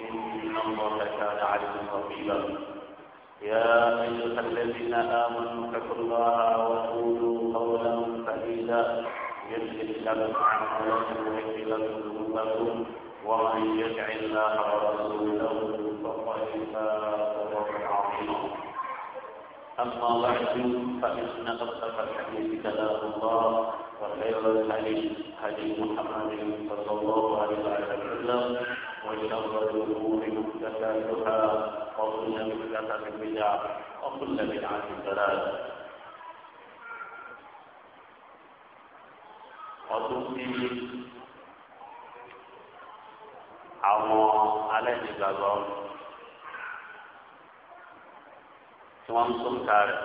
إن الله كان عليكم رقيبا يا أيها الذين آمنوا اتقوا الله وقولوا قولا سديدا يصلح لكم أعمالكم ويغفر لكم ذنوبكم ومن يطع الله ورسوله فقد فاز فوزا عظيما أما بعد فإن أصدق الحديث كلام الله وخير الحديث حديث محمد صلى الله عليه وسلم شر الأمور محدثاتها وكل محدثة بدعة وكل بدعة ضلالة ọdún tí àwọn alẹ́nìgbàgbọ́ tí wọ́n ń sọ́ǹkà rẹ̀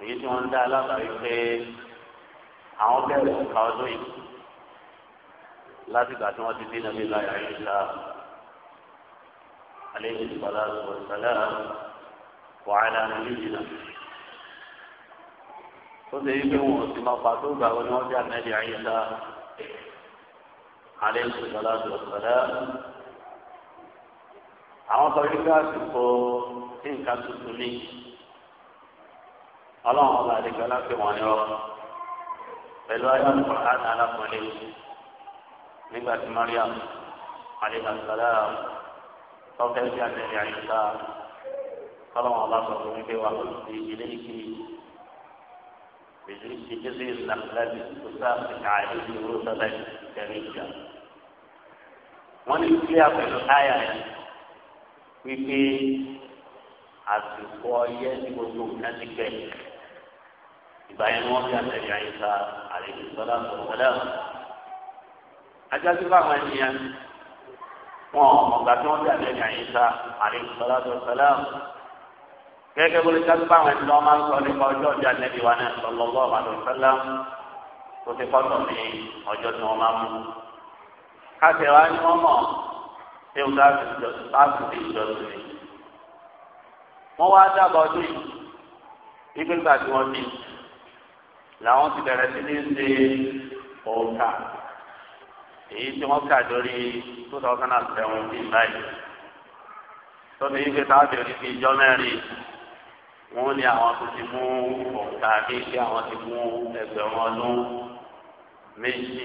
èyí tí wọ́n ń dá alábàáyé pé àwọn bẹ̀rẹ̀ látìgbà tí wọ́n ti bí nàbí láyà ìṣá àlejò ìpàdà ìwọ̀sálà wàhálà nàìjíríà tó ṣe wípé wọn ò sì máa pa tó gbà wọn bí ànábì àyíṣá àlejò ìpàdà ìwọ̀sálà àwọn sọ wípé àsìkò tí nǹkan tuntun ní ọlọ́run ọba àdìgbà láti wọ̀nyọ́ pẹ̀lú ayé àlùkò àti alákùnrin nígbà tí mariam alẹ́gbàsálà tọ́fẹ́ sí àtẹ̀lẹ́ àyíká kọ́lọ́mù ọba sọ fún mi pé wà lóṣù tí ilé ìkí bèjì ti jésù ìsìlámù tó sáà ti kà áyé ti wúlò sọ́dọ̀ ìtẹ̀lẹ́ ìjà. wọ́n ní kí a pẹ̀lú táyà wípé àsìkò ọyẹ́ ní gbogbo nǹkan ti bẹ̀. ìgbà yẹn wọ́n fi àtẹ̀lẹ́ àyíká àlejò sọ́dọ̀ àtọ̀sọ́dọ̀ ajásí fáwọn ènìyàn wọn ọ̀gá tí wọ́n dàbí ẹ̀yà yìí sá àríkùsọ́látò sálám gẹ́gẹ́ bó lè jásí fáwọn ènìyàn wọn máa ń sọ nípa ọjọ́ ọjà nẹ́bí wa náà sọlọ́lọ́ àdó sálám tó ti kọ́tọ̀ ní ọjọ́ tí wọ́n máa mú. káṣẹ̀ wá ní wọ́n mọ̀ pé ó dáa sí ti ìjọsìn ni. wọ́n wá dábàá ọdún yìí ìgbégbà tí wọ́n làwọn ti bẹ̀rẹ̀ sí ní ṣe òǹkà èyí tí wọ́n kà lórí two thousand and seventeen báyìí tóbi yìí fi orí fi jọ mẹ́rin wọ́n ní àwọn tó ti mú ọ̀tá kéèké àwọn ti mú ẹgbẹ̀rún ọdún méjì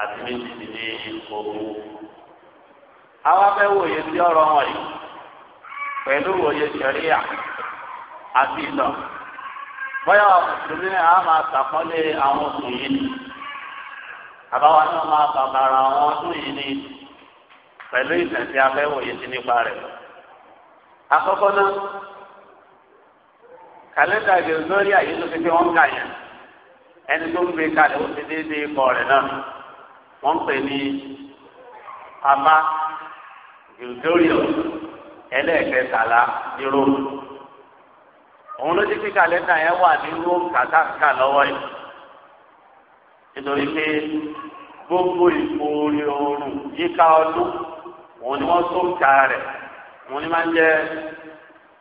àti méjì sí ní ooru. àwa fẹ́ wòye sí ọ̀rọ̀ wọn yìí pẹ̀lú wòye sẹ̀ríà àti ìtàn bóyá ọ̀sùn ní a máa àbáwa náà máa bàbàrà àwọn ọdún yìí ni pẹ̀lú ìtẹ̀sí abẹ́wò yìí sí nípa rẹ̀. Àkọ́kọ́ náà, kàlẹ́ndà gẹ̀ẹ́sọ́rí àyè tó fi fi wọ́n kà yẹn. Ẹni tó ń gbé kalẹ̀ ó ti déédé ikọ̀ rẹ̀ náà. Wọ́n pè ní Abá Gildorio ẹlẹ́ẹ̀kẹtàlá ní Rome. Òun ló ti fi kàlẹ́ndà yẹn wà ní Rome kàtàkà lọ́wọ́ yìí nítorí pé gbogbo ìpò orí oorun yíká ọdún òun ni wọ́n sóńkà rẹ̀ òun ni máa ń jẹ́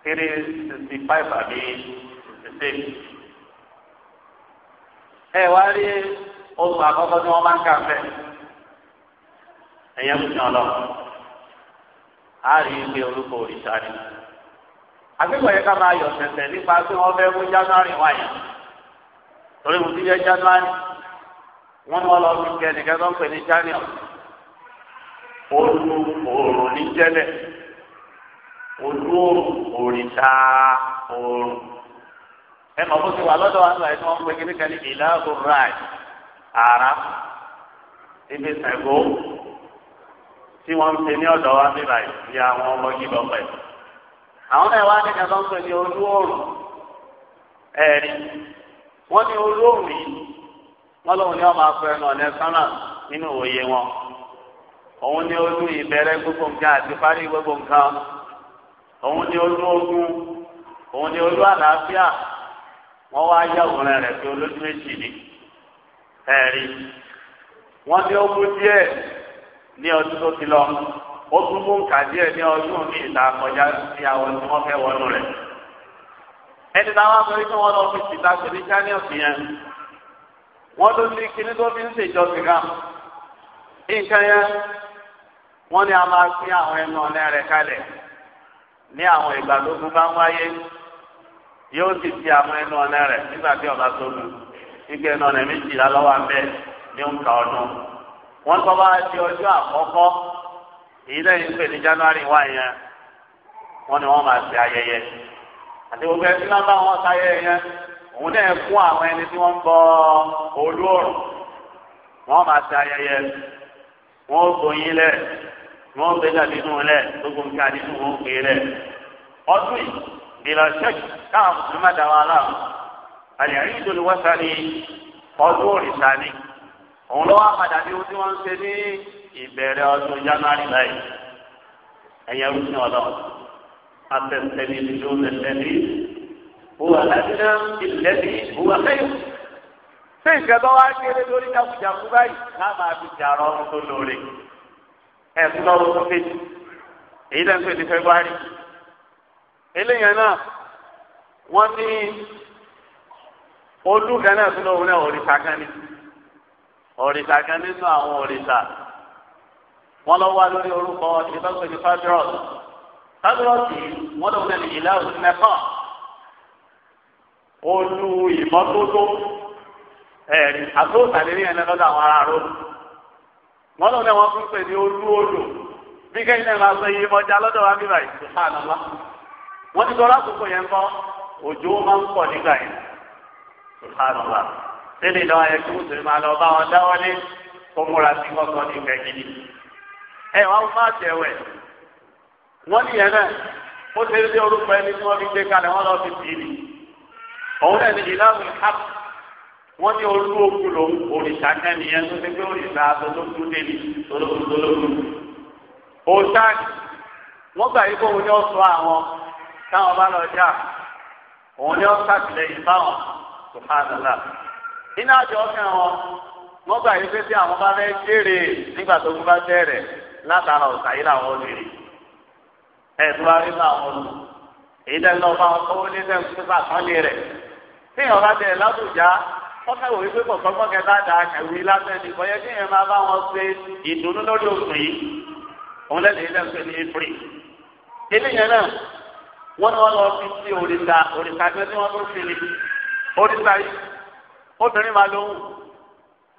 kéré sixty five àbí sixty six. ẹ wá rí oṣù àkọ́kọ́ tí wọ́n máa ń kà fẹ́ ẹ̀yẹ́ kùsùn ọlọ́run á rí i pé orúkọ òrìṣà ni àgbẹ̀wò yẹn ká máa yọ̀ sẹ̀sẹ̀ nípa pé wọ́n fẹ́ mú january wáyà torí mo ti yẹ january wọ́n ní wọ́n lọ fi jẹ nìkan tó ń pè ní Daniel olú òòrùn ní jẹ́lẹ̀ olú òrìṣà òòrùn ẹ mọ̀ bó ti wà lọ́dọ̀ wa láì tí wọ́n ń pè kíníkan ní ìlàgò ráì àrà ibi sẹ̀gbó tí wọ́n ń pè ní ọ̀dọ̀ wa bíbà ìdí àwọn ọmọ yìí lọ́pẹ́ àwọn náà wá nìkan tó ń pè ní olú òòrùn ẹ̀rí wọ́n ní olú òòrùn yìí wọn ni wọn máa fọ ẹnu ọ̀nà sánà nínú òye wọn òun ni olú ìbẹ̀rẹ̀ gbogbo nǹkan àti parí gbogbo nǹkan òun ni olú ogun òun ni olú àlàáfíà wọn wá yá òun rẹ pé olójú méjì ni ẹ̀rí wọn ní ogún díẹ̀ ní ọdún tó ti lọ ó tún mú nǹka díẹ̀ ní ọdún ní ìta kọjá sí àwọn tí wọn fẹ́ wọnú rẹ ẹni táwọn afẹ́rí tí wọn lọ fi ti pẹ̀lú chanius yẹn. wọ́n ló ní kíní tó fi ń ṣèjọsìn kan nǹkan yẹn wọ́n ní a máa fi àwọn ẹnu ọ̀nà rẹ̀ kalẹ̀ ní àwọn ìgbà tó bá ń wáyé yóò sì fi àwọn ẹnu ọ̀nà rẹ̀ nígbà tí ọba tó ike ẹnu ọ̀nà ní ọdún wọ́n tọ́ bá di ọjọ́ àkọ́kọ́ èyí lẹ́yìn pé ní January wá yẹn wọ́n ní wọ́n máa ṣe ayẹyẹ àti gbogbo ẹbí òun náà fún àwọn ẹni tí wọ́n ń bọ olú ọ̀rùn wọ́n máa ṣe ayẹyẹ wọ́n ó gbóyin lẹ̀ wọ́n ó gbé dàbí nù lẹ̀ gbogbo nǹkan nínú wọn ó gbé lẹ̀ ọdún yìí bìlọ̀ ṣẹ́kì káwọn mùsùlùmí àdáwọn aláwọ̀ àlẹ́ àríyìn tó wọ́n sáré ọdún òrìṣà ni òun lọ́wọ́ padà bí ohun tí wọ́n ń ṣe ní ìbẹ̀rẹ̀ ọdún january báyìí ẹ̀yẹ rúṣin ọlọ́run afẹ́fẹ́ ní ìlú هو أدنى الذي هو خير ṣé ìjọba wa kéré lórí jákujàku báyìí ká máa fi jàrọ ọdún tó lóore ẹ̀sùn lọ́wọ́ tó kéjì èyí lẹ́nu tó ti fẹ́ wá rí eléyàn kan ní òrìṣà kan nínú àwọn òrìṣà lọ wá lórí orúkọ olú ìmọ́tótó ẹ̀rí àtòsàlérí ẹ̀ lọ́dọ̀ àwọn ará ró wọ́n lọ́dọ̀ wọn fún pè ní olú odò bí kẹ́yìn náà máa sọ iye mọ́jà lọ́dọ̀ wa bíbá yìí sàn án lọ. wọ́n ti tọ́lá àkókò yẹn kọ́ òjò máa ń pọ̀ nígbà yìí sàn án lọ. sílẹ̀ lọ́wọ́ yẹn kí mùsùlùmí máa lọ bá wọn dáwọ́lé kó múra sí kọ́kọ́ ní ìgbẹ́ gidi. ẹ wá wọn máa tẹ̀wẹ̀ wọ́n ní yẹn náà ó ti rí orúkọ ẹni tí wọ́n fi gbé kalẹ̀ wọ́n lọ fi tì í òun náà ní ìlànà ìhàp wọ́n ní olú òkú lòun òrìṣà kẹ́ni yẹn tó ti gbé òrìṣà tolókun débi tolókun tolókun. òòṣà wọ́n gbà yí kóun ní ọ̀sọ́ àwọn táwọn bá lọ jà òun ní ọ̀sà tìlẹ̀yìn báwọn subhanallah. iná àjọ ọ̀kẹ́ wọn wọ́n gbà yí pé tí àwọn bá fẹ́ jèrè nígbà tó kú bá bẹ̀rẹ̀ látara ọ̀sà yìí làwọn olèrè. ẹ̀ẹ́dúrà rí bá àwọn olù èyí dẹ́ lọ́ọ́ tí ìyàwó bá tẹ̀lé lábùjá kọ́kẹ́ wò wípé kọ̀ọ̀kan kẹ́ bá da ẹ̀wù lásán ni kọ́yẹ́ kí ìyẹn máa bá wọn ṣe ìdùnnú lórí òkun yìí òun lẹ́nu ilé ẹ̀sẹ̀ ní ìfìrì. eléyẹn náà wọ́n ní wọ́n lọ fi sí òrìṣà òrìṣà tó tí wọ́n tó fi ni òrìṣà yìí obìnrin máa lóhùn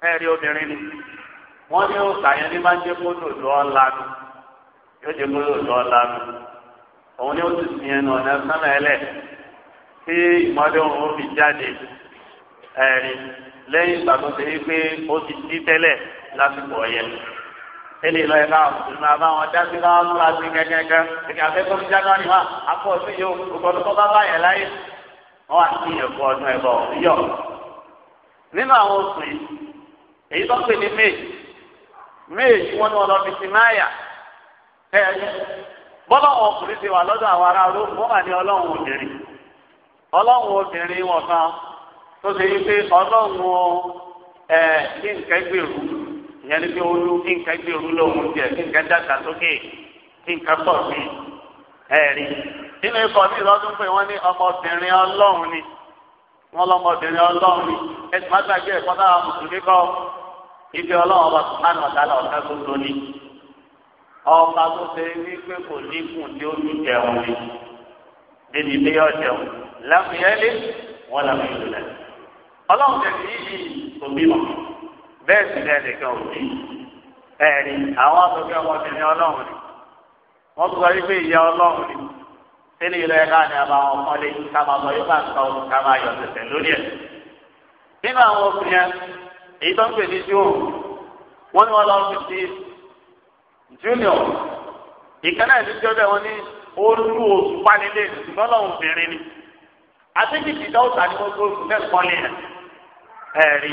ẹ̀rí obìnrin ni wọ́n ní òòṣà yẹn ní máa ń jẹ́ kóńdò lọ́ọ́lanu yóò jẹ́ kóńdò lọ́ọ́lanu òun tí ìmọ̀lẹ́ òun ó fi jáde ẹ̀rí lẹ́yìn ìgbà tó ṣe wípé ó ti dí tẹ́lẹ̀ lásìkò ọ̀yẹ́. Ele lọ ẹ̀ka ìlú àbáwọn dásí bá wọn múra sí gẹ́gẹ́gẹ́. Ẹ̀ka fẹ́ tó ń jáná ni wá, akọ sí yóò gbọdọ̀ tó bá báyẹ̀ láyé. Wọ́n wá sí ẹ̀kọ́ ọdún ẹ̀bọ̀ yọ̀. Nínú àwọn oṣù yìí, èyí tó pè ní May, May wọn ni wọn lọ fi sí Máyà. Bọ́lá ọkùnrin ti wà lọ́dọ̀ àwọn ará olóògùn, wọ́n wà ní ọlọ́run òjèrè. ọlọ́run obìnrin wọn kan tó ṣe yí pé ọlọ́run ẹ ní nǹkan gbèrú ìyẹn pé ó lú kí nǹkan gbèrú lóhun jẹ kí nǹkan dàgbà sókè kí nǹkan pọ̀ ọlọ́run ni wọ́n ọlọ́run ni ẹ̀kọ́ mùsùlùmí kọ́ ọlọ́run ọba ọ̀tá ni ọba tó ṣe kò ní tí ó jẹun ni lámìyẹ́lì wọn lámìyẹ́lì lẹ. ọlọ́run tẹ̀sí yìí kò bímọ bẹ́ẹ̀ sì lẹ́ẹ̀ nìkan ò bí ẹ̀rí àwọn asọ̀kẹ́ ọmọbìnrin ọlọ́run ni wọ́n sọ wípé ìyá ọlọ́run ni sílẹ̀ ìlọ ẹ̀ka ni àbáwọn ọmọdé ká máa sọ yóò bá ń sọ ọdún ká máa yọ tẹ̀tẹ̀ lórí ẹ̀. nínú àwọn obìnrin èyí tó ń pè ní júù wọ́n ní wọ́n lọ fi ti júnior ìkànnì ìdíjọ́ bẹ́ẹ̀ wọ́n ní ó lù oṣù ṣùgbọ́n lọ́wọ́ obìnrin àtẹ́jìtì dọ́wọ́sà ni wọ́n tó oṣù mẹ́kọ́ lé rẹ̀ ẹ̀rí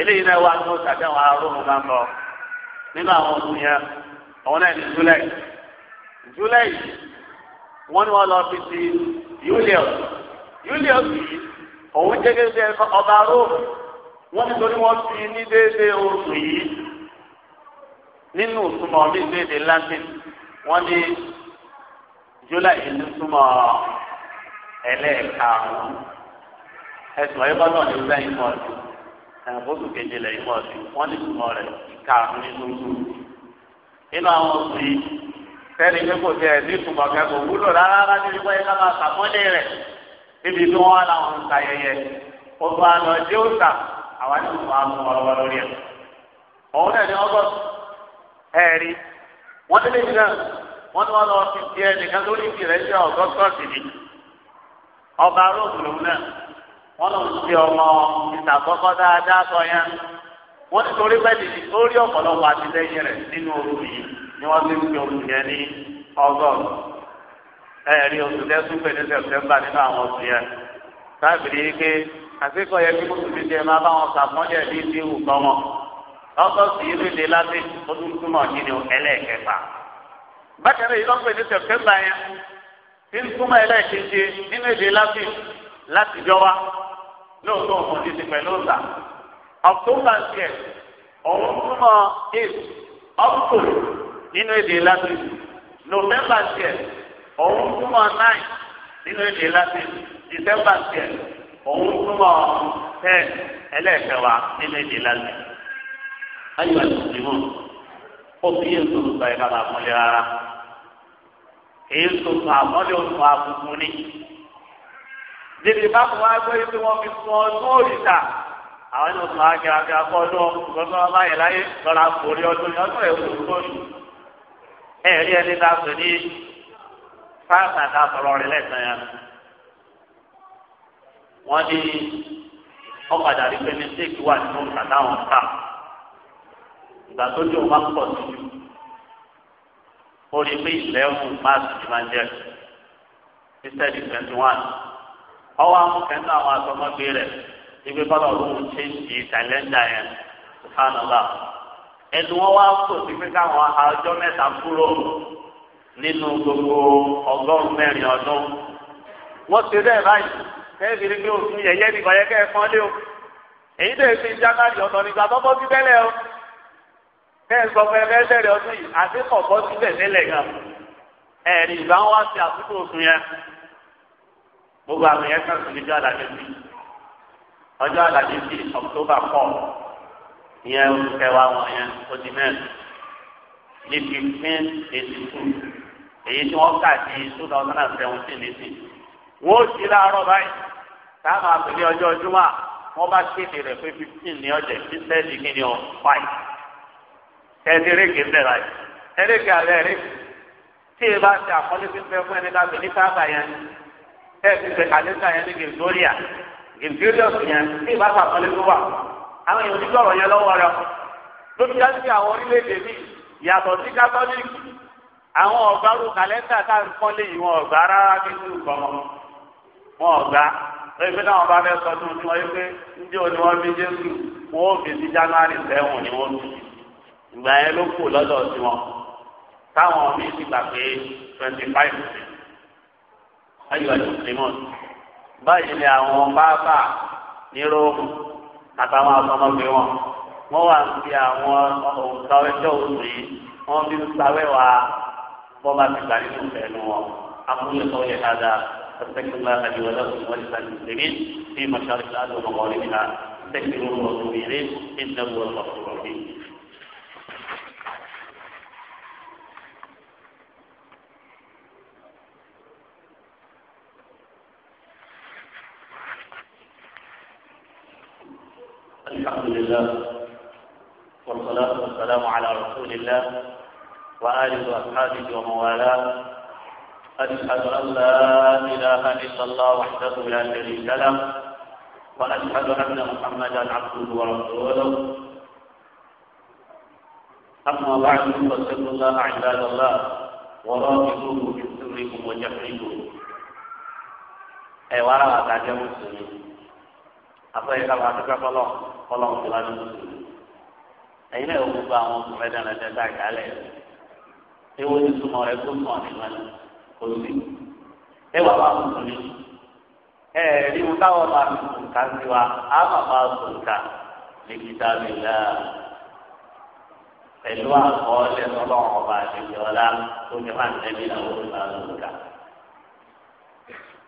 eléyìí náà wà ní oṣù àtẹ̀wọ̀n aróhùn máa ń lọ nínú àwọn oṣù yẹn àwọn náà ní July July wọ́n ní wọ́n lọ fi ti Julius Julius yìí òun jẹ́gẹ́ bí ọba Rome wọ́n ti torí wọ́n fi ní déédéé oṣù yìí nínú ìtumọ̀ ní déédéé Latin wọ́n ní July ìlú túmọ̀ ọ́. ẹlẹ́ẹ̀karùn-ún ẹ̀sùn ẹ̀kọ́ náà ní ọgbẹ́ ìmọ̀ọ́sì ẹ̀fọ́sù keje lẹ̀ ìmọ̀ọ́sì wọ́n ní ìtumọ̀ rẹ̀ ìkarùn-ún ní tuntun nínú àwọn òsì sẹ́ni pé kò tiẹ̀ ní ìtumọ̀ wúlò rárá máa sàmọ́lé rẹ̀ níbi tí wọ́n wá láwọn ń ta ayẹyẹ àná ó sà àwọn ìtumọ̀ àwọn lórí ọba aróògùn náà wọ́n lọ sí ọmọ ìtàkọ́kọ́ dáadáa sọ yẹn wọ́n ti torí pẹ́ nìyí ó rí ọ̀pọ̀lọpọ̀ àtìlẹ́yìn rẹ̀ nínú oru yìí ni wọ́n ti ń fi oru yẹn ní ọgọ́rùn-ún ẹ̀rí oṣù tẹ́sùn pé ní sẹ̀tẹ́mbà nínú àwọn oṣù yẹn káàbìrì yìí pé àsìkò yẹn kí mùsùlùmí tiẹ̀ máa bá wọn sàpọ́njẹ́ bíi ti wù kọ́ wọn ọkọ̀ sì yí léde láti ó tún túmọ̀ nínú ẹlẹ́ẹ̀kẹfà bákẹ́rẹ́ yìí lọ́pẹ́ ní sẹ̀tẹ́mbà yẹn ìtumọ̀ ẹlẹ́ẹ̀kejì nínú èdè láti láti jọwa lóòótọ́ ọ̀kan ti ti pẹ̀lú ọ̀sà ọ̀túnbà ń tiẹ̀ ọ̀hún túmọ̀ eight ọ̀tò nínú èdè láti nọ́fẹ̀mbà ń tiẹ̀ ọ̀hún túmọ̀ nine nínú èdè láti dìsẹ́mbà ń tiẹ̀ ọ̀hún túmọ̀ ten ẹlẹ́ẹ̀kẹwàá nínú èdè láti. ayọ̀ àti ìdìbò ó fi yé ìṣòro sọ èyí tó fà mọ́lẹ̀ òtún àbùkù ni. Níbi bákan wá gbé tí wọ́n fi fún ọ tó òrìṣà. Àwọn ènìyàn tó máa kẹ́ra kẹ́ra kọ́ ọdún ọgbọ́n ọba yẹn láyé lọ́la kórè ọdún yẹn ọdún ẹ̀wù tó ní. Ẹ̀rí ẹni ta sọ ní fáàtà ta sọ̀rọ̀ rẹ̀ lẹ́sàn-án yẹn. Wọ́n ní ọ̀padà rí pé mistake wà nínú kàtà wọn ká. Ìgbà tó dé òun bá pọ̀ sí ju orí pé eleven march ni máa ń jẹ instead twenty one ọwọ́ àwọn kẹ́ńtà àwọn asọmọgbé rẹ̀ ibi kọ́lá olóhùn ṣe ń di kàlẹ́ndà yẹn subhanallah ẹnu wọn wá kò sí pé káwọn ọjọ́ mẹ́ta kúrò nínú gbogbo ọgọ́rùn-ún mẹ́rin ọdún wọ́n ti rẹ̀ báyìí kẹ́ẹ̀bì ni pé òfin yẹ̀yẹ́ nìkan yẹ kẹ́ ẹ̀ fọ́n lé o èyí tó èsì ń jákàdì ọ̀tọ̀ nígbà tó sí tẹ́lẹ̀ o bẹ́ẹ̀ sọ fẹ́ fẹ́ bẹ̀rẹ̀ ọdún yìí àti kọ̀ọ̀kọ́ síbẹ̀ tẹ́lẹ̀ gan ẹ̀rì ìgbà wọn wá sí òfin yẹn gbogbo àwọn yẹn kan sì níjọ́ àdàjẹ́ sí ọjọ́ àdàjẹ́ sí ọ̀któbà pọ̀ ìyẹn oṣù kẹwàá wọn yẹn ó di mẹ́rin ní fifteen eighty two èyí tí wọ́n kà sí two thousand and seventeen létí wọ́n ó sì láàárọ̀ báyìí táwọn àpèlé ọjọ́ ọdún wa wọ́n bá kéde rẹ̀ pé fifteen ní ọjọ́ ìfísẹ́ẹ̀dì kí ni ọ̀ five. ẹni rége ń bẹ láyé ẹni rége tí e bá àkọlé fún ẹni ní sábà yẹn ẹ ti ṣe àlékà yẹn ní gèzóríà gèzóríọ̀s yẹn tí e bá ṣe àkọlé tó wà àwọn èèyàn onígbọ̀rọ̀ yẹn lọ́wọ́ rẹ lórí dájú àwọn orílẹ̀-èdè mi yàtọ̀ sí kátólíìkì àwọn ọ̀gbárù kàlẹ́ńdà tá à ń kọ́lé yìí wọn ọ̀gbá rárá bí wọn lórí pé ìgbà yẹn ló kù lọ́dọ̀ tiwọn táwọn míín ti gbà pé twenty five ni ayọ̀ ìmọ̀ báyìí ni àwọn bábà ní róòmù àtàwọn àtọmọgbé wọn wọn wà ń fi àwọn òǹkàwéjọ òṣù yìí wọn fi ń sawẹ́wà bọ́ba ti gbà nínú ìfẹ́nu wọn akúnyẹ tó yẹ dáadáa sẹ́kìlá àdìwọ́lá òṣùwọ́n ti sàdí ìsinmi bí mọ̀ṣálí àdó mọ̀mọ́rí nìkan sẹ́kìlá òṣùwọ́n ti rí ìdánwò ọ̀ṣùwọ́n لله والصلاة والسلام على رسول الله وآل وأصحابه وموالاه أشهد أن لا إله إلا الله وحده لا شريك له وأشهد أن محمدا عبده ورسوله أما بعد فاتقوا الله عباد الله وراقبوه في سركم وجهركم أي وراء بعد afọyín ká máa dúpẹ́ fọlọ́ fọlọ́ ń tiwa ní mùsùlùmí ẹ̀yin náà yóò gbogbo àwọn ọmọ ẹ̀dá náà tẹ́tà ìkálẹ̀ ewu ní súnmọ́ rẹ tó mọ̀ nígbà kò sí ẹ wà wá mùsùlùmí ẹ rí wọn káwọn máa fi sùnkà sí wa á máa máa sùnkà ní kíta mi là pẹ̀lú àkọọ́lẹ̀ ọlọ́run ọba àṣejì ọlá tó ní máa ń tẹ́lẹ̀ àwọn olùbàdàn sùnkà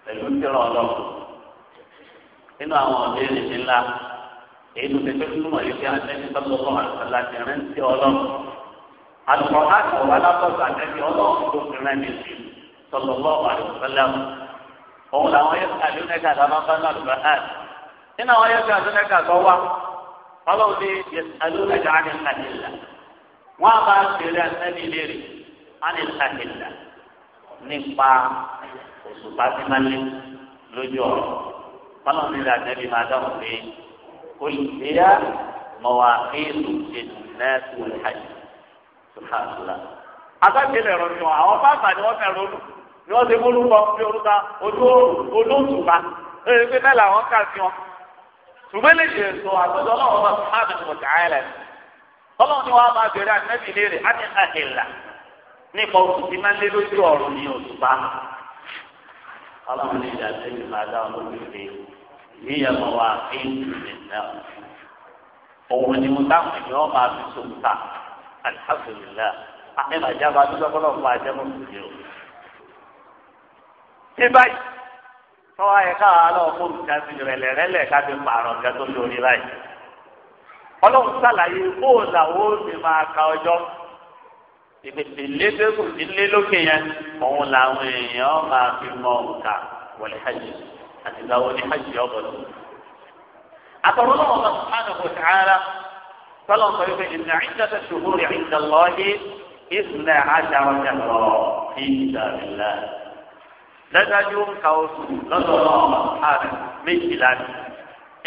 pẹ̀lú tẹ́lẹ̀ ọlọ́run nínú àwọn ọ̀dọ́ ènìyàn ńlá èyí ló ti fẹ́ túmọ̀ yìí pé àtẹ́sí tọ́lọ́ fún àtàlà ti rẹ́ sí ọlọ́run àlùkò àti ọ̀wá lápọ̀tò àtẹ́sí ọlọ́run tó fi rẹ́ mi sí tọ́lọ́ fún àtàlà òun làwọn yẹn ká lónìí ká àtàlà bá náà lùbà á nínú àwọn yẹn ká lónìí ká kọ́ wá ọlọ́run ní alónìí ká ní àtìlà wọ́n á máa ṣeré àtẹ́bí léèrè á ní nípa òṣùpá sí máa lójú ọ̀rọ̀ fọlọ́n ní ìlànà ẹbí máa dáhùn pé olùdíyà mọ̀wákìlù ìnẹ́sù ìhàjì sùhàtùlà. agbájẹlẹ rọ sùn àwọn bàbá ni wọn fẹẹ ronú ni wọn ti mú lúkọ bí orúkọ ojú olóòtúba èyí pé bẹ́ẹ̀ làwọn kà sí wọn. ṣùgbọ́n lè jẹ́ sọ àgbẹ̀dọ́ náà wọn bá sùn áàbẹ̀ tó tẹ̀ áyẹ̀lẹ̀. fọlọ́n ni wọn máa bẹ̀rẹ̀ àtẹ́bí léèrè á àhìlà nípa oṣù tí máa ń lé lójú ọ̀run ní òtúba. ọlọ́run ní ìdásẹ́yìn máa dá ọ níyẹn mọ wá éjì nìyẹn òun ni mo dáhùn ni wọn máa fi sóun ta alihamudulila àtẹnàjà bá dúpẹ́ kọ́ lọ́wọ́ máa jẹ́ mọ́ sí o. ṣé báyìí tọ́wọ́ ayẹ káwa lọ́wọ́ fóònù jáde rẹ̀lẹ̀ rẹ̀lẹ̀ káfí pààrọ̀ nǹkan tó lórí báyìí. ọlọ́run sàlàyé bóun làwọn ó sì máa ka ọjọ́ ìpèsè lédèkùn nílé lókè yẹn òun làwọn èèyàn máa fi mọ nǹkan wọlé hajj àti ìgbàwọ ní hajj ọgbọdọ. àtọ̀rọ̀ lọ́wọ́ bá sùpánà kò sàárà sọlọ sọ wípé ìnà ìjọba ṣòwúrì ìjọ lọ́ọ́dí ìsìnlẹ̀ àjàrọ̀ jẹ̀rọ̀ ní ìdàrúlá. dájú ń ka oṣù lọ́dọ̀ lọ́wọ́ bá sùpánà méjìlá ni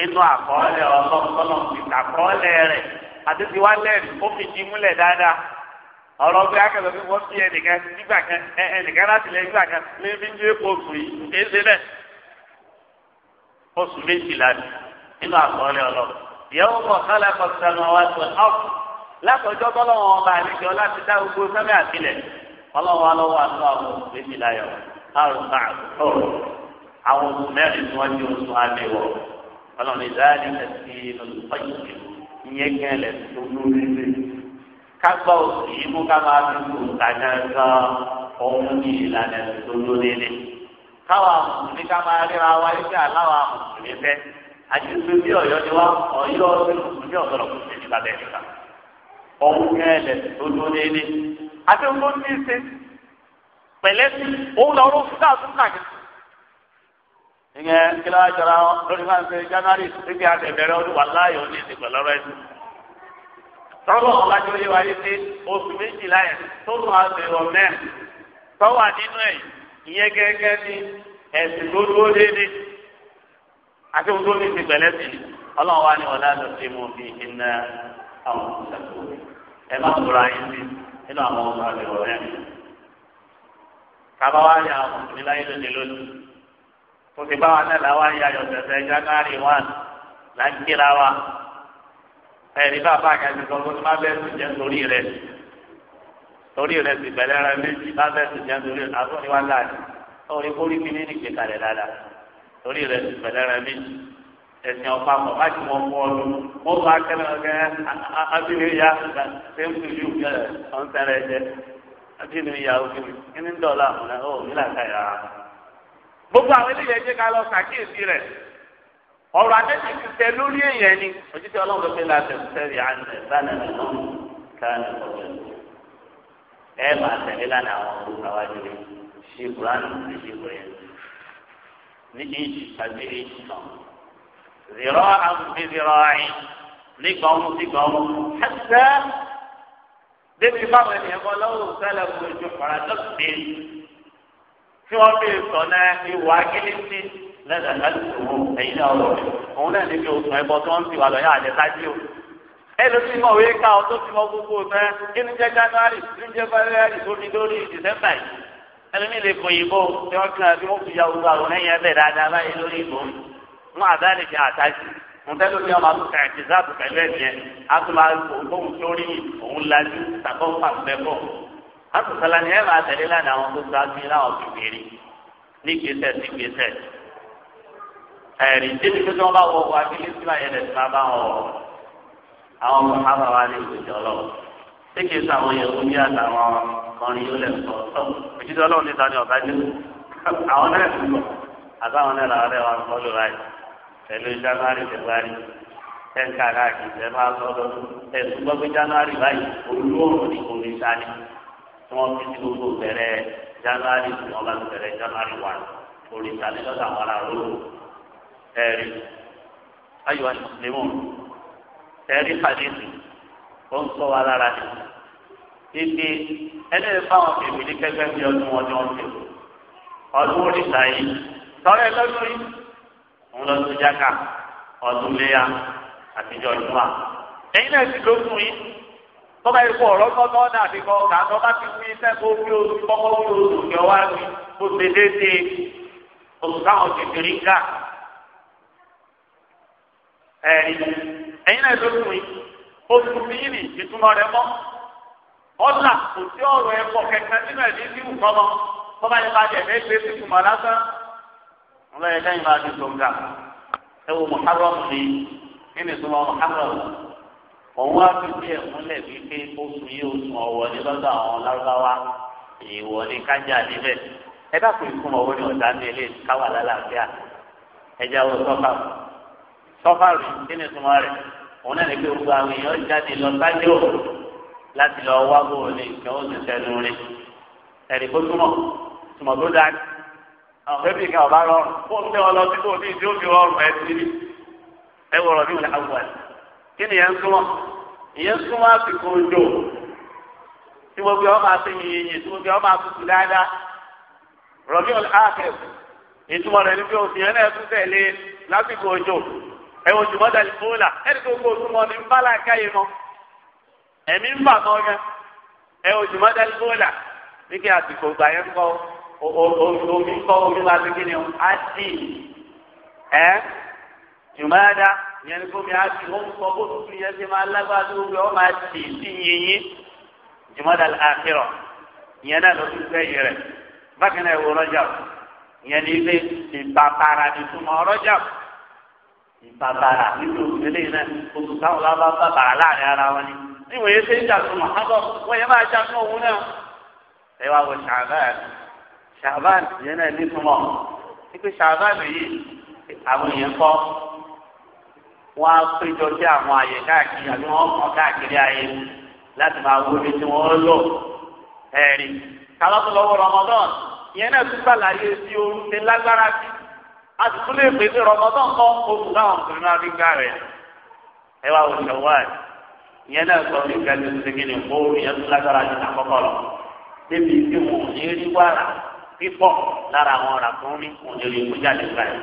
inú àkọọ́lẹ̀ ọlọ́mọlọ́mọ ìtàkọọ́lẹ̀ rẹ̀ àti tiwa lẹ́rìí ó fi di múlẹ̀ dáadáa ọ̀rọ̀ bí akẹ́lẹ́ fi wọ́n fi ẹnìkan nígbà kan ẹnìkan láti lẹ nígbà kan lé ní ní epo oṣù yìí ṣe ṣe bẹ́ẹ̀ oṣù méjìlá ni nínú àkọọ́lẹ̀ ọlọ ìyàwó kan kálá kan sanu àwọn àti ọ̀pọ̀ látọjọ́ bọ́lọ́wọ́ ọba àlejò láti dá gbogbo sẹ́mi àtìlẹ̀ ọlọ́wọ́ alọ́wọ́ àti àwọn oṣù méjìlá yọ àrùbá ọ̀rọ̀ àwọn oṣù mẹ́rin tí wọ́n ní oṣù àlewọ̀ ọlọ́run ìdáàlì ẹ̀sì olùkọ́yìí ìyẹn gẹ́lẹ̀ tó lórí rẹ̀ kágbá oṣù tó lórí rẹ̀ káwa mùsùlùmí ká máa ríra wa ibi àláwa mùsùlùmí fẹ àjùmí bí ọ̀yọ́ ni wá ọ̀yọ́ bí mùsùlùmí ọ̀sọ̀rọ̀ kò sí nípa bẹ́ẹ̀ nípa ọ̀hún kẹ́lẹ̀ tó dúró déédé àti ń tó ní í ṣe pẹ̀lẹ́ sí òun lọ rọ fún káàtó káàkiri. ìyẹn kí ló wá jọra lórí máa ń ṣe january níbi àtẹ̀bẹ̀rẹ̀ ọdún wà láàyò ní ìsìnkú lọ́rọ̀ ẹ̀sìn ìyẹn gẹ́gẹ́ bí ẹ̀sìn tó dúró déédéé àti ohun tó ní ti pẹ̀lẹ́ sí i ọlọ́run wa ni ọ̀la lọ sí mu bí iná àwọn ìṣàkóso ẹ yín nínú àwọn ọmọ ni àwọn lónìí lónìí wa ẹ̀rí bàbá ti bẹ́ẹ̀ sùn jẹ́ torí rẹ sì bẹ̀rẹ̀ rẹ méjì lábẹ́ sì jẹ́ torí àtúntò wa láàyè torí kórìí kí ní nìgbè kalẹ̀ dáadáa torí rẹ sì bẹ̀rẹ̀ rẹ méjì ẹ̀sìn ọ̀pá pọ̀ má ti wọ́n fọ́ ọdún wọ́n bá kẹ́lẹ́ ọ̀gẹ́ abínú ya ṣẹ́ńtù yóò jẹ́ ọ̀ńtẹ́rẹ́ jẹ́ abínú ya ojú kí ní dọ̀là ọ̀nà ọ̀ nílà káyà. gbogbo àwọn eléyìí ẹjẹ ká lọ sàkíyèsí rẹ ọ̀rọ̀ adẹ́sí ti tẹ lórí èèyàn ni òjijì ọlọ́run ló fi láti ṣẹ́rí àná ẹ máa tẹ̀lé lánàá àwọn olùkọ́ àwájú rẹ̀ ṣe kúránù ní ìbò yẹn ní ìjì tàbí ìjì tán. zìrọ̀ àbùkù zìrọ̀ àyìn nígbà ọmọ nígbà ọmọ ẹsẹ̀ débi báwọn ènìyàn kan lọ́wọ́ sẹ́lẹ̀ kó ojú kọ̀ọ̀rọ̀ lọ́sọ̀dé tí wọ́n fi sọ náà ìwà akínísí lẹ́sẹ̀ láti sòwò ẹ̀yìn náà lọ òun náà níbi òsùn ẹ̀bọ tí wọ́n ti wà lọ́yà àjẹsájú o ẹni tí mo wí ká ọ tó ti mọ gbogbo fẹ kí ni jẹ january kí ni jẹ february tó fi dórí december yìí ẹni mi lè kọ ìbò tí wọn kàn bí wọn fi ya gbogbo àwọn ẹ̀yìn ẹbẹ dáadáa báyìí lórí ìbò wọn àbá lè fi àtàkì wọn fẹẹ lórí ọmọ àtúntà ẹtì záàbù pẹ̀lú ẹ̀jẹ̀ àtúmọ̀ ògbóhùn sórí òun lajú tàbọ pàṣẹbọ àtúntàlà ni ẹ máa tẹ̀lé lánàá àwọn tó sáájú láwọn àwọn mọ̀hábà wa ní ìgbèjì ọlọ́run ṣé kìí sọ àwọn yẹn fún bí àtàwọn ọkùnrin yóò lẹ̀ sọ ọ́ òjijì ọlọ́run níta ni ọ̀gá jẹ́ àwọn náà ti lọ àtàwọn náà làwọn rẹ̀ wà ń bọ́ lóra yìí pẹ̀lú january february tẹ́ǹkà káàkiri tẹ́ máa sọ lọ ẹ̀sùn gbọ́ pé january báyìí olóòrùn ni kò ní sáré fi ti gbogbo bẹ̀rẹ̀ january tí wọ́n bá ti bẹ̀rẹ̀ january one kò ní sáré lọ́sàn-án wọn làwọn àti mùsùlùmí ẹ̀rí hadithi ó ń sọ wa lára ni ibi ẹni lè fáwọn bèbè ní kẹgbẹ́ bí ọdún ọdún ọdún ọdún oríta yìí tọ́lẹ̀ lọ́dún yìí òun lọ́dún jáka ọdún léya àtijọ́ ìdúrà ẹ̀yin náà ti lókun yìí tọ́ba yìí kó ọ̀rọ̀ tọ́tọ́ náà fi kọ́ ti wí sẹ́kọ̀ọ́ wí oṣù kọ́kọ́ wí oṣù kẹ́ wá kó ṣe déédéé oṣù táwọn kékeré ń gà ẹ̀yin náà ló dùn yín oṣù mílì ìtumọ̀ rẹ̀ mọ́ ọ̀là kò sí ọ̀rọ̀ ẹ̀kọ́ kẹ̀kẹ́ nínú ẹ̀mí sí nǹkan lọ tó bá yẹ bá jẹ̀ mẹ́ gbé síkùn mọ̀ lásán ọ̀là yẹ lẹ́yìn máa di gbòǹgà ẹ wo muharram ni nínú ìtumọ̀ muharram òun á fi bí ẹ̀kúnlẹ̀ bíi pé oṣù yìí oṣù ọ̀wọ́ ní lọ́dọ̀ àwọn lárúbáwá ìwọ ní kájà níbẹ̀ ẹ dákun ìtumọ̀ owó ni ọ̀dà ní ilé káwà lálàáfíà ẹ jáwọ́ sọ́kà tọ́fàrù kí ni tuma rẹ̀ òun náà ní pé gbogbo àwọn èèyàn jáde lọ sájú ò láti lọ wá bóun ní ìfẹ́ òsì sẹ́nu rẹ̀ ẹ̀rí kó túmọ̀ túmọ̀ tó dáa àwọn bẹ́ẹ̀ bí kan ọba rọrùn kó ń tẹ́ ọ lọ sí kó ní ìdí òbí rọrùn ẹ̀ sí ní ẹ wọ̀rọ̀ bí wọn àwọn kí ni ìyẹn súnmọ́ ìyẹn súnmọ́ àsìkò òjò tí mo fi ọmọ àti yìnyín tí mo fi ọmọ àtútù dáadáa rọ̀bí ọ̀lẹ́ àkẹ́kọ̀ọ́ ìtumọ̀ rẹ̀ ní pé òsì yẹn náà tún tẹ̀lé lásìkò òjò ẹ̀wọ̀n jùmọ́dà ìfowópamọ́ ẹni tó kó oṣù mọ́ ní nbala káyé mọ́ ẹ̀mí ń bà mọ́ yẹn ẹ̀wọ̀n jùmọ́dà ìfowópamọ́ ní kí àsìkò gbà yẹn kọ́ omi kọ́ omi wa ti kíni á sì ẹ́ jùmọ́dà yẹn ni gómìnà á sì ó ń sọ bó tuntun yẹn ti máa lágbára tó gbé ọ máa sì sí yìnyín jùmọ́dà àkírọ̀ yẹn náà ló ti fẹ́ yẹ rẹ̀ bákan náà ẹ̀wọ̀n rọ́jà yẹn ni ilé ìgbà para ìtumọ̀ rọ́jà ìbàbàrà nínú ìdílé náà oṣù táwọn lábá bàbàrà láàrin ara wọn ni níwọ̀n yẹn ṣe ń jà fún mọ̀hábọ̀ wọ́n yẹn máa jà fún òun náà. ẹ wá wọ ṣàbáà ṣàbáà yẹn náà ní túmọ̀ wípé ṣàbáà yìí àwọn èèyàn kọ́ wọ́n á péjọ sí àwọn àyè káàkiri àbí wọ́n kàn káàkiri ayé láti máa wo ibi tí wọ́n lò ẹ̀rí. kálọ́tù lọ́wọ́ Ramadan yẹn náà tún gbàlàyé sí oorun lágbára sí a sì tún lè pè ní rọmọdán kọ oṣù táwọn ọkùnrin máa fi gbá rẹ ẹ wá oṣù ṣàwáì ìyẹn náà sọ fún ìgbà tó ti gbìn kó ìyẹn tó lágbára ju àkọ́kọ́ lọ débi tí wọn ò ní rí wàrà pípọ̀ lára àwọn ọ̀rà tó ń rí wọn ò ní rí kó jáde gbà rẹ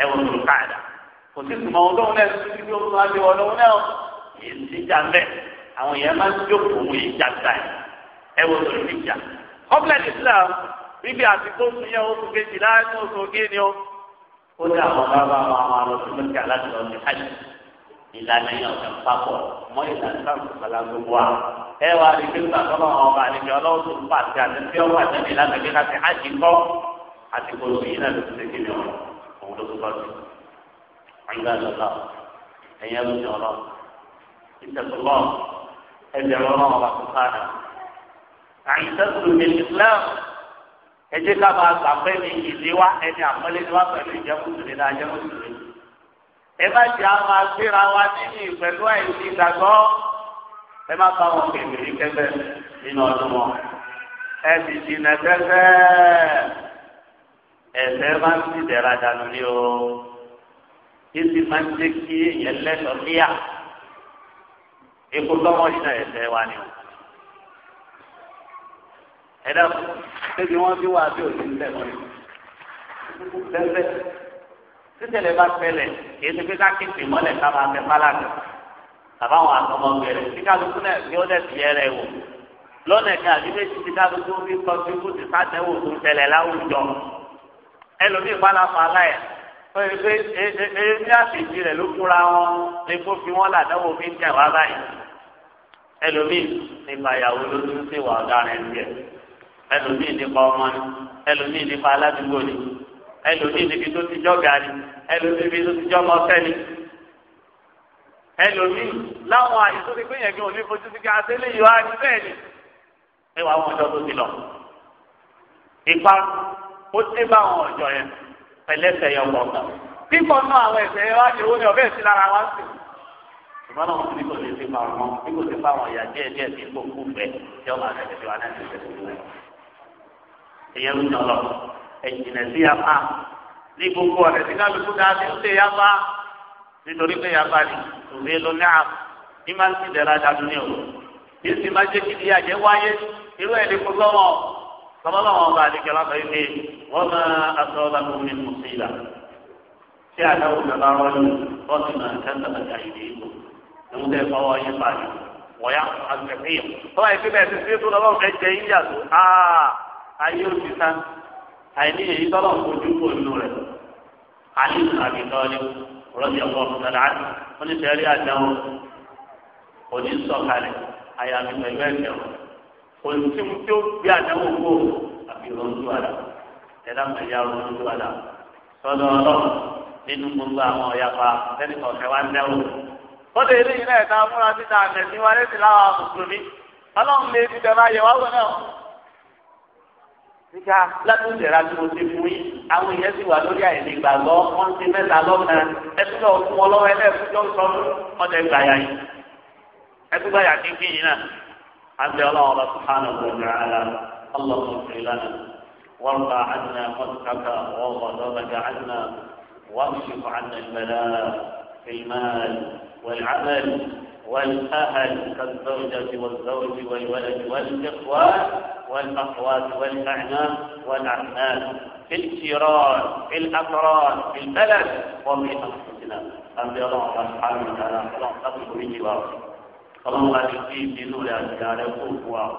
ẹ wọ oṣù káàdà kò sí ìtumọ̀ ọlọ́run náà sí ibi oṣù àti ọlọ́run náà èyí ti jà ń àwọn èèyàn máa ń jókòó wọn ó ní àwọn bàbá wa máa lọ sí mẹ́tì aláṣẹ ọ̀sẹ̀ hajj ìlànà yẹn ọ̀sẹ̀ papọ̀ mọ́ ìlànà sáàmù sọ̀lá gbogbo wa. ẹ wá rí pé nígbà tó lọ́wọ́ ọba àlejò ọlọ́wọ́ tó ń bà sí àti tí ọwọ́ àtẹ́bí ìlànà gbé láti hajj kọ́ àti kòló yìí náà ló ti ṣe kíni ọ̀rọ̀ òun ló tó bá sí. ọ̀yìnbá lọ́lá ẹ̀yẹ ló ti ọ̀rọ̀ ìtẹ̀sọ̀lọ́ ẹ̀jẹ̀ lọ́wọ́ ọba kò sáà ẹ jẹ́ ká máa gbàgbé ní ìdí wa ẹni àpẹẹlẹ ni wá pẹ̀lú ìjẹkùsùlẹ̀ náà jẹkùsùlẹ̀ ẹ má jẹ́ àwọn agbéra wa nínú ìpẹ̀lú àìsí ìgbàgbọ́ ẹ má bá wọn kèmí rí kẹfẹ nínú ọdún wọn ẹ sì jìnà kẹfẹ ẹsẹ má ti dẹ̀ra dànù ní o ìsì má ń jẹ́ kí èèyàn lẹ́tọ̀ọ́ níyà ikú lọ́wọ́ yìí náà ẹsẹ wa ni o ẹ̀dá tẹ́bi wọ́n bí wà bí òsì ńlẹ̀ wọ́n lẹ́sẹ̀ títẹ̀lẹ̀ bá tẹ̀lẹ̀ kì í ṣe pé káàkiri mọ́lẹ̀ ká máa tẹ pálánù bàbá àwọn àtọmọ gbẹrẹ tí kálukú náà fi ó dẹ̀sí yẹ rẹ wò lọ́nà ẹ̀ka àbí méjì tí kálukú fi kọ́ntribútì sátẹ̀wò tó tẹ̀lẹ̀ láwùjọ ẹlòmíì pálapà aláyà pé pé e, ee ní àtẹ̀jì rẹ̀ ló kúra wọn ní kó fi wọn làdáwò fi ń tẹ̀ báyìí ẹlòmíì nípa ìyàwó ló tún ṣèwà ọ̀daràn ẹ̀ ẹlòmíì nípa ọmọ ni ẹlòmíì nípa aládùúgbò ni ẹlòmíì níbi tó ti jọga ni ẹlòmíì níbi tó ti jọmọ sẹni ẹlòmíì láwọn àyè tó ti gbẹyẹn gbẹwọn ní fojú sí kí asẹlẹ yìí wá ní bẹ́ẹ̀ ni ẹ wà wọn ọjọ́ tó ti lọ ipa ó dé bá àwọn ọjọ́ yẹn pẹlẹsẹ yẹn wọ ọgbà pípọ̀ náà àwọn ẹ̀sẹ̀ yẹn wá ní owó ni ọ̀bẹ sí lára wá sí ṣùgbọ́n àwọn ọmọdé kò lè fi máa mọ bí kò sí fáwọn ìyá díẹ̀ díẹ̀ tí kò kú bẹ́ẹ̀ tí ọmọ àgbẹ̀ tí wà náà ti èyàn ń jọlọ ẹ̀jìnà sí yapa ní gbogbo ọ̀rẹ́ tí kálukú dáa ti ń ṣe yapa nítorí pé yapa ni tòun èlò náà ní máa ń ti dẹ̀ra dàdú ní o yìí sì máa jẹ́ kí ìdí àjẹ́ wáyé irú ẹ̀ lè kó lọ́wọ́ sọlọ́wọ́ ọba àdìgẹ́ lọ́sọ̀ yìí pé wọ́n máa aṣọ ọba tó ní mùsílà tí àdáwò bàbá rọ́ọ̀lù rọ́ọ̀tì náà ń tẹ́tà àjà ìbò ẹ̀mú tẹ́ fọwọ́ yín pàdé wọ̀yá àgbẹ̀fẹ́yìn tọ́wọ́ ìpínlẹ̀ ti fi tó lọ́wọ́ fẹ́ jẹ yíyà tó áà. ayé òsì sá àìní èyí tọ́lọ̀ fojú kò rẹ̀ àní àbí tọ́lẹ̀ rọ́bì ọ̀pọ̀ ọ̀sán àti oníṣẹ́rí àdáwọ̀ òní sọ̀kalẹ̀ àyàmì pẹ̀lú ẹ̀jẹ̀ wọn òní tí mo tí ó gbé àdáwọ̀ kó àbí àdá ẹ̀dá àdá nínú gbogbo àwọn dẹ́wọ̀. ó lè rí múra títa ọlọ́run lè ti máa yẹ níta látúndẹ̀ra tí mo ti fún yín àwọn èèyàn sì wà lórí àìlè gbàgbọ́ wọ́n ti mẹ́ta lọ́nà ẹtú náà fún wọn lọ́wọ́ ẹlẹ́ẹ̀kú tó ń sọ ọdẹ gbàyà yìí ẹtú gbàyà kíkí yìí náà àti ọlọ́run lọ sùpánù gbọ̀ngàn àlà ọlọ́run fi lánà wọ́n bá àdínà mọ́tàkà wọ́n bá lọ́gbàjà àdínà wọ́n fi fún àdínà ìgbàlá في المال والعمل والأهل كالزوجة والزوج والولد والإخوان والأخوات والأعمام والأعمام في الجيران في الأقران في البلد وفي أنفسنا أنبياء الله سبحانه وتعالى اللهم أصل من جواره اللهم أتيك في نور أشجار الكفر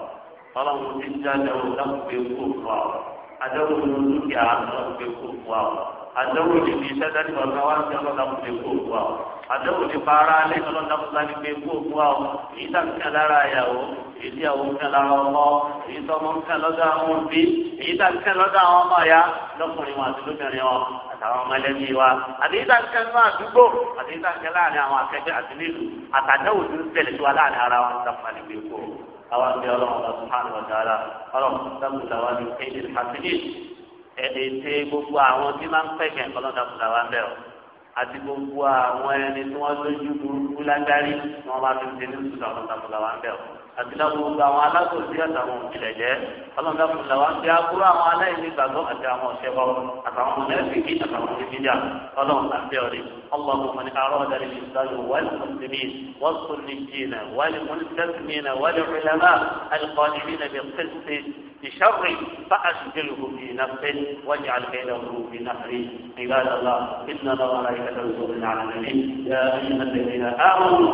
اللهم تجعله لك بالكفر أدعو من نور أشجار الكفر àdéhùn ní ní iṣẹ́ dání ọ̀gá wa ti ọlọ́dà kò lè kó òkú àwọn àdéhùn ní bàárà lé ọlọ́dà kò sáré pé kó òkú àwọn èyí tá nǹkan lára ìyàwó èyí tí àwọn nǹkan lára ọmọ èyí tó ọmọ nǹkan lọ́dọ̀ àwọn òbí èyí tá nǹkan lọ́dọ̀ àwọn ọmọ ya lọ́kùnrin wọn àti lóbìnrin wọn àtàwọn ọmọlẹ́bí wa àti èyí tá nǹkan àdúgbò àti èyí tá láàrin àwọn akẹgbẹ́ àti nílùú ẹ̀ẹ́dẹ̀ẹ́dẹ́ gbogbo àwọn tí máa ń pẹ̀kẹ́ kọ́lọ́dà fúnra wa ń bẹ̀ ọ́ àti gbogbo àwọn ẹni tí wọ́n lójú burúkú lágbárí tí wọ́n bá fi ṣe ní sùdà kọ́lọ́dà fúnra wa ń àti náà gbogbo àwọn alákòóso àtàwọn òbílẹ̀ jẹ́ kọ́lọ́dà fúnra wa ń àkúrò àwọn aláìní gbàgbọ́ àti àwọn ọ̀ṣẹ́bọ àtàwọn mọ̀lẹ́fìkì àtàwọn onímídíà kọ́lọ́dà àbẹ́ بشر فأسجله في نفسه واجعل بينه في نحره عباد الله إن الله ملائكته يصلون على النبي يا أيها الذين آمنوا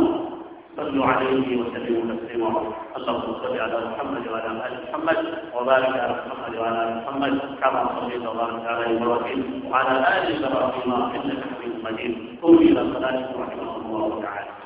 صلوا عليه وسلموا تسليما اللهم صل على محمد وعلى ال محمد وبارك على محمد وعلى ال محمد كما صليت وبارك على ابراهيم وعلى ال ابراهيم انك حميد مجيد قم الى صلاتكم رحمه الله تعالى